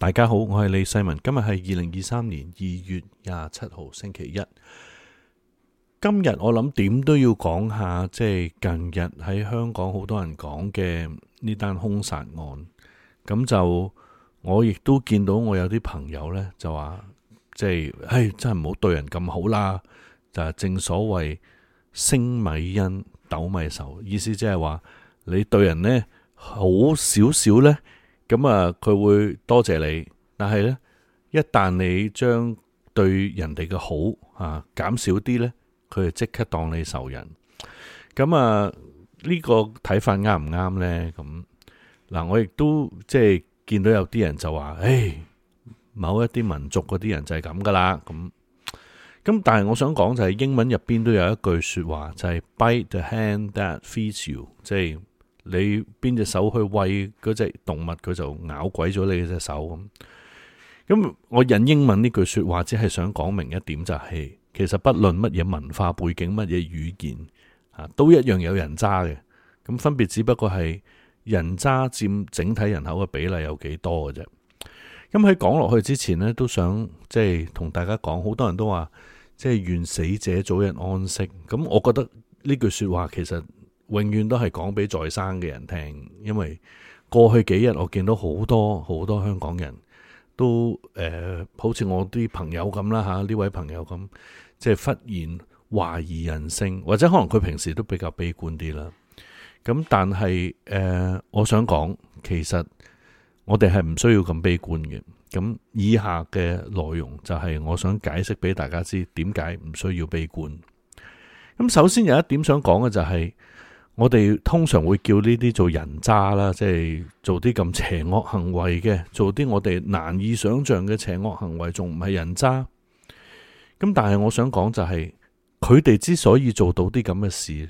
大家好，我係李世民。今日係二零二三年二月廿七號星期一。今日我諗點都要講下，即係近日喺香港好多人講嘅呢單凶殺案。咁就我亦都見到我有啲朋友呢，就話即係，唉，真係唔好對人咁好啦。就係正所謂升米恩斗米仇，意思即係話你對人呢，好少少呢。咁啊，佢會多謝，謝你，但係咧，一旦你將對人哋嘅好啊減少啲咧，佢就即刻當你仇人。咁、嗯、啊，這個、對對呢個睇法啱唔啱咧？咁、嗯、嗱，我亦都即係見到有啲人就話，誒、哎，某一啲民族嗰啲人就係咁噶啦。咁、嗯、咁，但係我想講就係英文入邊都有一句說話就係、是、Bite the hand that feeds you，即係。你邊隻手去餵嗰隻動物，佢就咬鬼咗你隻手咁。咁我引英文呢句說話，只係想講明一點，就是，就係其實不論乜嘢文化背景，乜嘢語言啊，都一樣有人渣嘅。咁分別只不過係人渣佔整體人口嘅比例有幾多嘅啫。咁喺講落去之前呢，都想即係同大家講，好多人都話即係願死者早日安息。咁我覺得呢句說話其實。永遠都係講俾在生嘅人聽，因為過去幾日我見到好多好多香港人都誒、呃，好似我啲朋友咁啦嚇，呢位朋友咁，即係忽然懷疑人性，或者可能佢平時都比較悲觀啲啦。咁但係誒、呃，我想講，其實我哋係唔需要咁悲觀嘅。咁以下嘅內容就係我想解釋俾大家知點解唔需要悲觀。咁首先有一點想講嘅就係、是。我哋通常會叫呢啲做人渣啦，即係做啲咁邪惡行為嘅，做啲我哋難以想象嘅邪惡行為，仲唔係人渣？咁但係我想講就係佢哋之所以做到啲咁嘅事，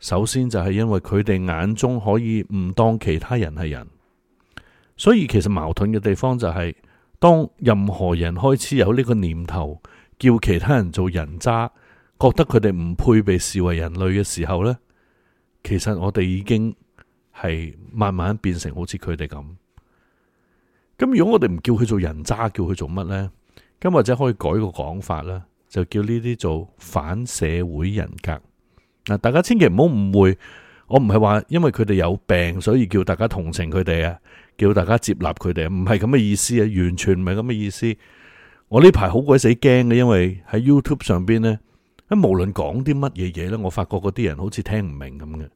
首先就係因為佢哋眼中可以唔當其他人係人，所以其實矛盾嘅地方就係當任何人開始有呢個念頭叫其他人做人渣，覺得佢哋唔配被視為人類嘅時候呢。其實我哋已經係慢慢變成好似佢哋咁。咁如果我哋唔叫佢做人渣，叫佢做乜呢？咁或者可以改個講法啦，就叫呢啲做反社會人格。嗱，大家千祈唔好誤會，我唔係話因為佢哋有病，所以叫大家同情佢哋啊，叫大家接納佢哋啊，唔係咁嘅意思啊，完全唔係咁嘅意思。我呢排好鬼死驚嘅，因為喺 YouTube 上邊呢，喺無論講啲乜嘢嘢咧，我發覺嗰啲人好似聽唔明咁嘅。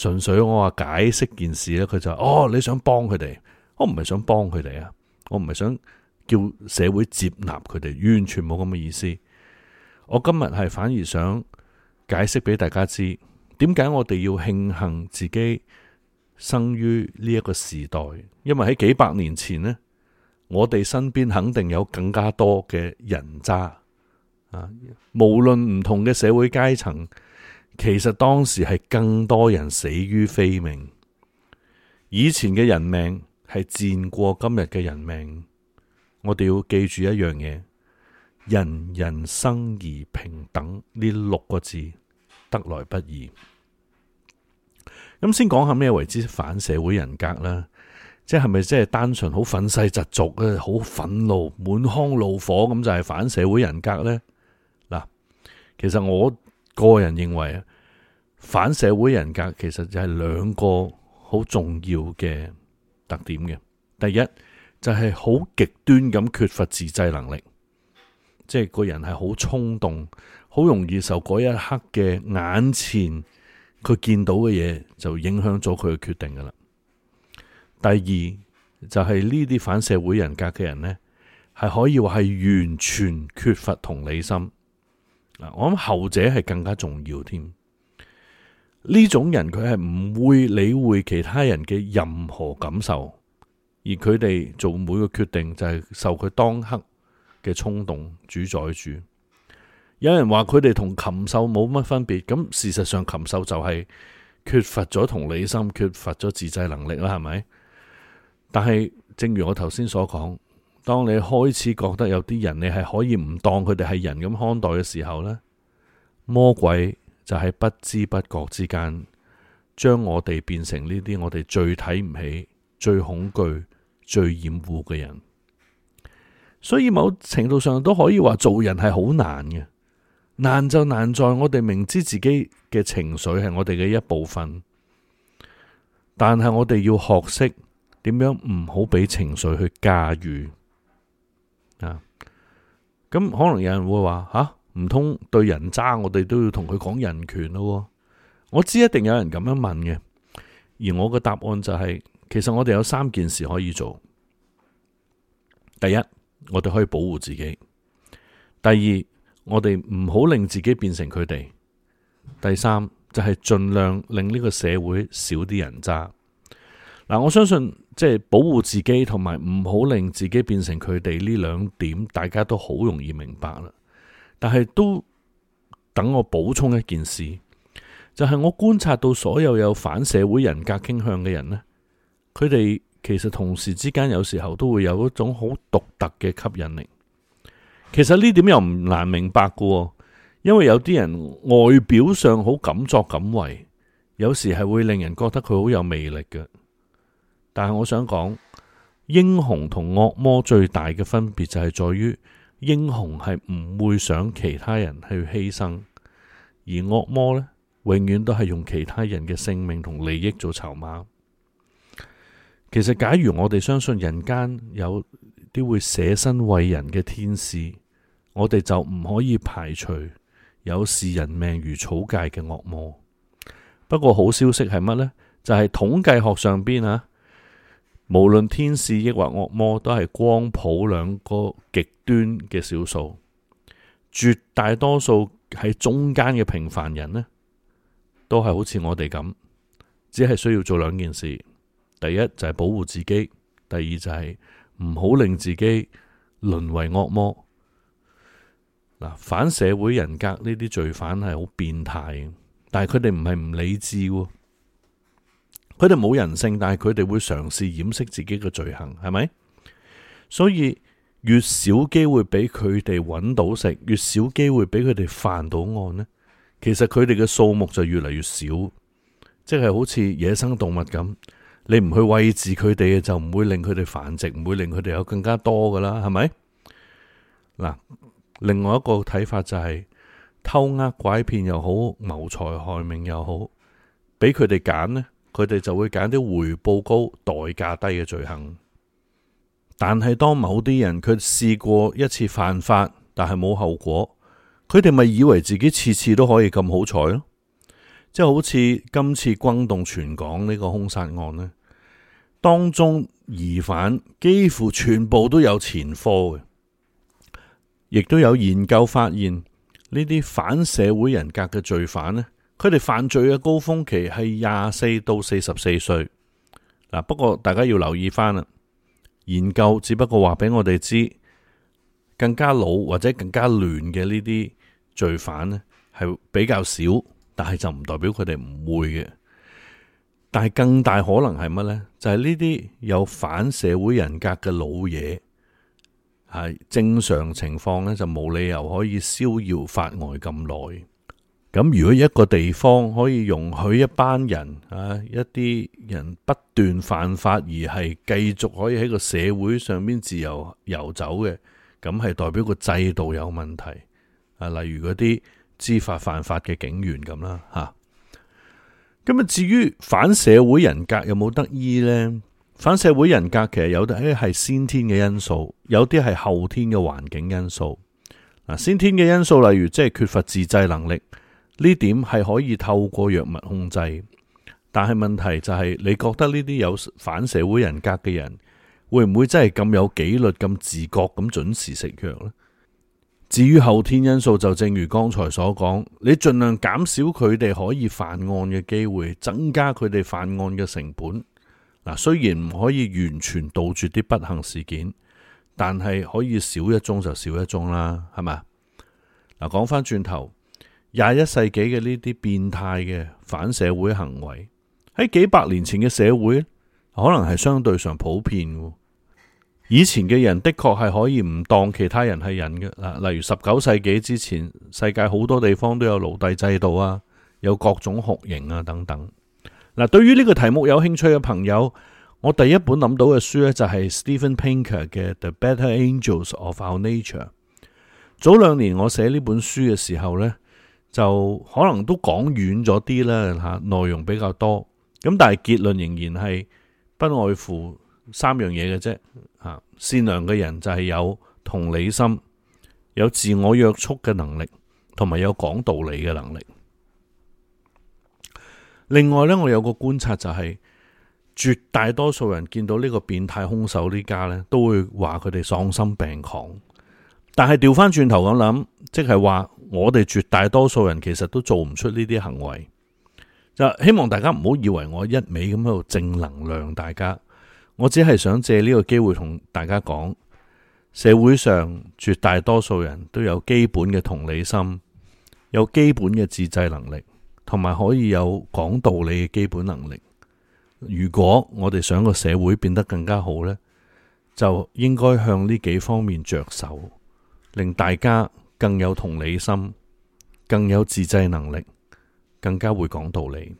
純粹我話解釋件事咧，佢就話：哦，你想幫佢哋？我唔係想幫佢哋啊！我唔係想叫社會接納佢哋，完全冇咁嘅意思。我今日係反而想解釋俾大家知，點解我哋要慶幸自己生於呢一個時代，因為喺幾百年前呢，我哋身邊肯定有更加多嘅人渣啊！無論唔同嘅社會階層。其實當時係更多人死於非命，以前嘅人命係賤過今日嘅人命。我哋要記住一樣嘢：人人生而平等呢六個字得來不易。咁先講下咩為之反社會人格呢？即係咪即係單純好憤世嫉俗啊？好憤怒、滿腔怒火咁就係反社會人格呢。嗱，其實我。個人認為反社會人格其實就係兩個好重要嘅特點嘅。第一就係好極端咁缺乏自制能力，即係個人係好衝動，好容易受嗰一刻嘅眼前佢見到嘅嘢就影響咗佢嘅決定噶啦。第二就係呢啲反社會人格嘅人呢，係可以話係完全缺乏同理心。嗱，我諗後者係更加重要添。呢種人佢係唔會理會其他人嘅任何感受，而佢哋做每個決定就係受佢當刻嘅衝動主宰住。有人話佢哋同禽獸冇乜分別，咁事實上禽獸就係缺乏咗同理心、缺乏咗自制能力啦，係咪？但係正如我頭先所講。當你開始覺得有啲人，你係可以唔當佢哋係人咁看待嘅時候呢，魔鬼就喺不知不覺之間將我哋變成呢啲我哋最睇唔起、最恐懼、最厭惡嘅人。所以某程度上都可以話做人係好難嘅，難就難在我哋明知自己嘅情緒係我哋嘅一部分，但係我哋要學識點樣唔好俾情緒去駕馭。咁可能有人會話吓，唔通對人渣我哋都要同佢講人權咯？我知一定有人咁樣問嘅，而我嘅答案就係，其實我哋有三件事可以做。第一，我哋可以保護自己；第二，我哋唔好令自己變成佢哋；第三，就係盡量令呢個社會少啲人渣。嗱，我相信。即係保護自己，同埋唔好令自己變成佢哋呢兩點，大家都好容易明白啦。但係都等我補充一件事，就係我觀察到所有有反社會人格傾向嘅人呢，佢哋其實同時之間有時候都會有一種好獨特嘅吸引力。其實呢點又唔難明白噶，因為有啲人外表上好敢作敢為，有時係會令人覺得佢好有魅力嘅。但係我想講，英雄同惡魔最大嘅分別就係在於，英雄係唔會想其他人去犧牲，而惡魔呢，永遠都係用其他人嘅性命同利益做籌碼。其實假如我哋相信人間有啲會捨身為人嘅天使，我哋就唔可以排除有視人命如草芥嘅惡魔。不過好消息係乜呢？就係、是、統計學上邊啊！無論天使抑或惡魔，都係光譜兩個極端嘅少數，絕大多數喺中間嘅平凡人呢，都係好似我哋咁，只係需要做兩件事。第一就係保護自己，第二就係唔好令自己淪為惡魔。嗱，反社會人格呢啲罪犯係好變態，但係佢哋唔係唔理智。佢哋冇人性，但係佢哋會嘗試掩飾自己嘅罪行，係咪？所以越少機會俾佢哋揾到食，越少機會俾佢哋犯到案咧，其實佢哋嘅數目就越嚟越少。即係好似野生動物咁，你唔去餵飼佢哋，就唔會令佢哋繁殖，唔會令佢哋有更加多噶啦，係咪？嗱，另外一個睇法就係偷呃拐騙又好，謀財害命又好，俾佢哋揀咧。佢哋就會揀啲回報高、代價低嘅罪行。但係當某啲人佢試過一次犯法，但係冇後果，佢哋咪以為自己次次都可以咁好彩咯。即係好似今次轟動全港呢個兇殺案呢，當中疑犯幾乎全部都有前科嘅。亦都有研究發現，呢啲反社會人格嘅罪犯呢。佢哋犯罪嘅高峰期係廿四到四十四歲，嗱，不過大家要留意翻啦。研究只不過話俾我哋知，更加老或者更加亂嘅呢啲罪犯呢，係比較少，但係就唔代表佢哋唔會嘅。但係更大可能係乜呢？就係呢啲有反社會人格嘅老嘢，係正常情況呢，就冇理由可以逍遙法外咁耐。咁如果一個地方可以容許一班人啊，一啲人不斷犯法，而係繼續可以喺個社會上邊自由遊走嘅，咁係代表個制度有問題啊。例如嗰啲知法犯法嘅警員咁啦，吓咁啊。至於反社會人格有冇得醫呢？反社會人格其實有啲係先天嘅因素，有啲係後天嘅環境因素。先天嘅因素例如即係缺乏自制能力。呢點係可以透過藥物控制，但係問題就係，你覺得呢啲有反社會人格嘅人，會唔會真係咁有紀律、咁自覺、咁準時食藥呢？至於後天因素，就正如剛才所講，你盡量減少佢哋可以犯案嘅機會，增加佢哋犯案嘅成本。嗱，雖然唔可以完全杜絕啲不幸事件，但係可以少一宗就少一宗啦，係嘛？嗱，講翻轉頭。廿一世紀嘅呢啲變態嘅反社會行為喺幾百年前嘅社會，可能係相對上普遍。以前嘅人的確係可以唔當其他人係人嘅。嗱，例如十九世紀之前，世界好多地方都有奴隸制度啊，有各種酷刑啊等等。嗱，對於呢個題目有興趣嘅朋友，我第一本諗到嘅書呢，就係 Stephen Pinker 嘅《The Better Angels of Our Nature》。早兩年我寫呢本書嘅時候呢。就可能都講遠咗啲啦吓，內容比較多，咁但係結論仍然係不外乎三樣嘢嘅啫吓。善良嘅人就係有同理心，有自我約束嘅能力，同埋有講道理嘅能力。另外呢，我有個觀察就係，絕大多數人見到呢個變態兇手呢家呢，都會話佢哋喪心病狂，但係調翻轉頭咁諗，即係話。我哋絕大多數人其實都做唔出呢啲行為，就希望大家唔好以為我一味咁喺度正能量大家，我只係想借呢個機會同大家講，社會上絕大多數人都有基本嘅同理心，有基本嘅自制能力，同埋可以有講道理嘅基本能力。如果我哋想個社會變得更加好呢，就應該向呢幾方面着手，令大家。更有同理心，更有自制能力，更加會講道理。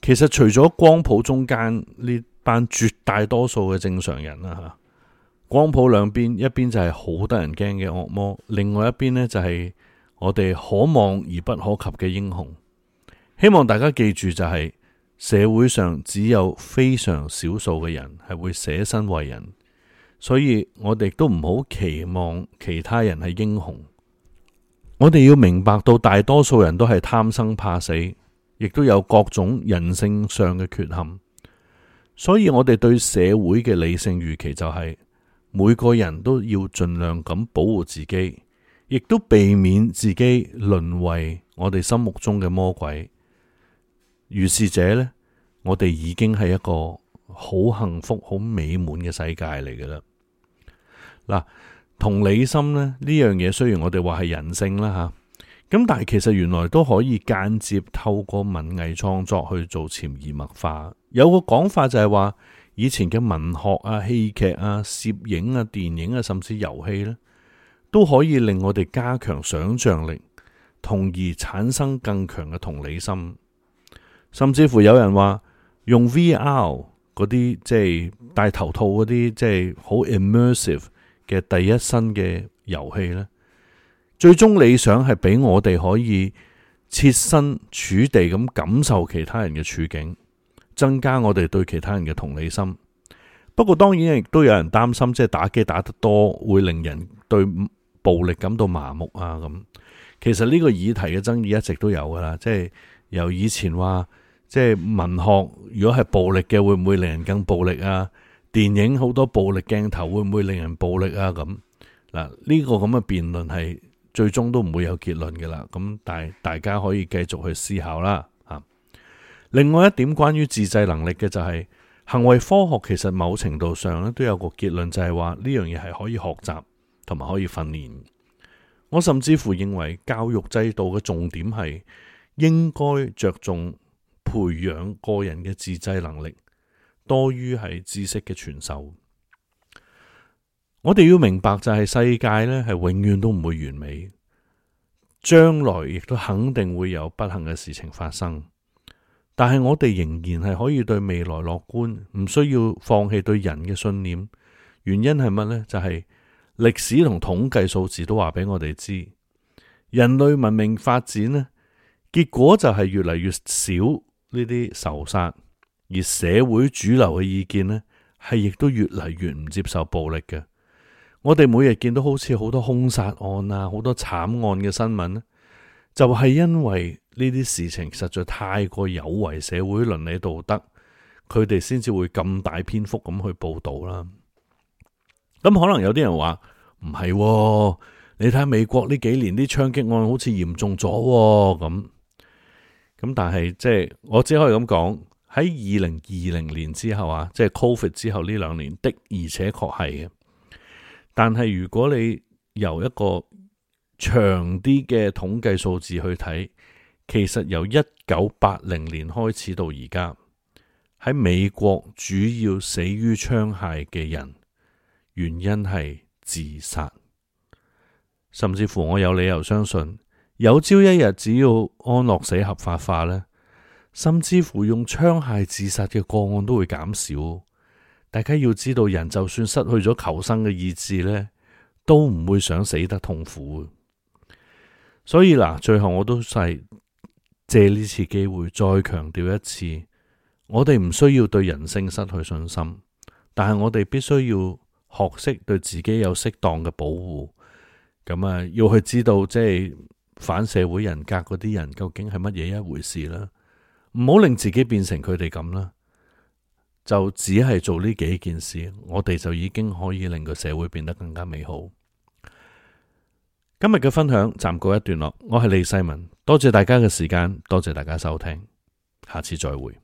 其實除咗光譜中間呢班絕大多數嘅正常人啦，吓，光譜兩邊，一邊就係好得人驚嘅惡魔，另外一邊呢就係我哋可望而不可及嘅英雄。希望大家記住，就是，就係社會上只有非常少數嘅人係會捨身為人。所以我哋都唔好期望其他人係英雄，我哋要明白到大多數人都係貪生怕死，亦都有各種人性上嘅缺陷。所以我哋對社會嘅理性預期就係、是、每個人都要盡量咁保護自己，亦都避免自己淪為我哋心目中嘅魔鬼。如是者呢，我哋已經係一個好幸福、好美滿嘅世界嚟嘅啦。嗱，同理心咧呢樣嘢，雖然我哋話係人性啦吓，咁但係其實原來都可以間接透過文藝創作去做潛移默化。有個講法就係話，以前嘅文學啊、戲劇啊、攝影啊、電影啊，甚至遊戲咧，都可以令我哋加強想象力，從而產生更強嘅同理心。甚至乎有人話用 VR 嗰啲即係戴頭套嗰啲即係好 immersive。就是嘅第一身嘅遊戲呢，最終理想係俾我哋可以設身處地咁感受其他人嘅處境，增加我哋對其他人嘅同理心。不過當然亦都有人擔心，即係打機打得多會令人對暴力感到麻木啊咁。其實呢個議題嘅爭議一直都有噶啦，即係由以前話，即係文學如果係暴力嘅會唔會令人更暴力啊？電影好多暴力鏡頭會唔會令人暴力啊？咁嗱，呢、這個咁嘅辯論係最終都唔會有結論嘅啦。咁但係大家可以繼續去思考啦。另外一點關於自制能力嘅就係、是、行為科學，其實某程度上咧都有個結論就，就係話呢樣嘢係可以學習同埋可以訓練。我甚至乎認為教育制度嘅重點係應該着重培養個人嘅自制能力。多於係知識嘅傳授，我哋要明白就係世界呢係永遠都唔會完美，將來亦都肯定會有不幸嘅事情發生。但係我哋仍然係可以對未來樂觀，唔需要放棄對人嘅信念。原因係乜呢？就係、是、歷史同統計數字都話俾我哋知，人類文明發展呢，結果就係越嚟越少呢啲仇殺。而社會主流嘅意見呢，係亦都越嚟越唔接受暴力嘅。我哋每日見到好似好多兇殺案啊，好多慘案嘅新聞呢、啊、就係、是、因為呢啲事情實在太過有違社會倫理道德，佢哋先至會咁大篇幅咁去報道啦、啊。咁、嗯、可能有啲人話唔係，你睇美國呢幾年啲槍擊案好似嚴重咗咁咁，但係即係我只可以咁講。喺二零二零年之後啊，即係 Covid 之後呢兩年的，而且確係嘅。但係如果你由一個長啲嘅統計數字去睇,其實由一九八零年開始到而家，喺美國主要死於槍械嘅人，原因係自殺。甚至乎我有理由相信，有朝一日只要安樂死合法化呢。甚至乎用槍械自殺嘅個案都會減少。大家要知道，人就算失去咗求生嘅意志呢，都唔會想死得痛苦。所以嗱，最後我都係借呢次機會再強調一次，我哋唔需要對人性失去信心，但係我哋必須要學識對自己有適當嘅保護。咁啊，要去知道，即係反社會人格嗰啲人究竟係乜嘢一回事啦。唔好令自己變成佢哋咁啦，就只係做呢幾件事，我哋就已經可以令個社會變得更加美好。今日嘅分享暫告一段落，我係李世文，多謝大家嘅時間，多謝大家收聽，下次再會。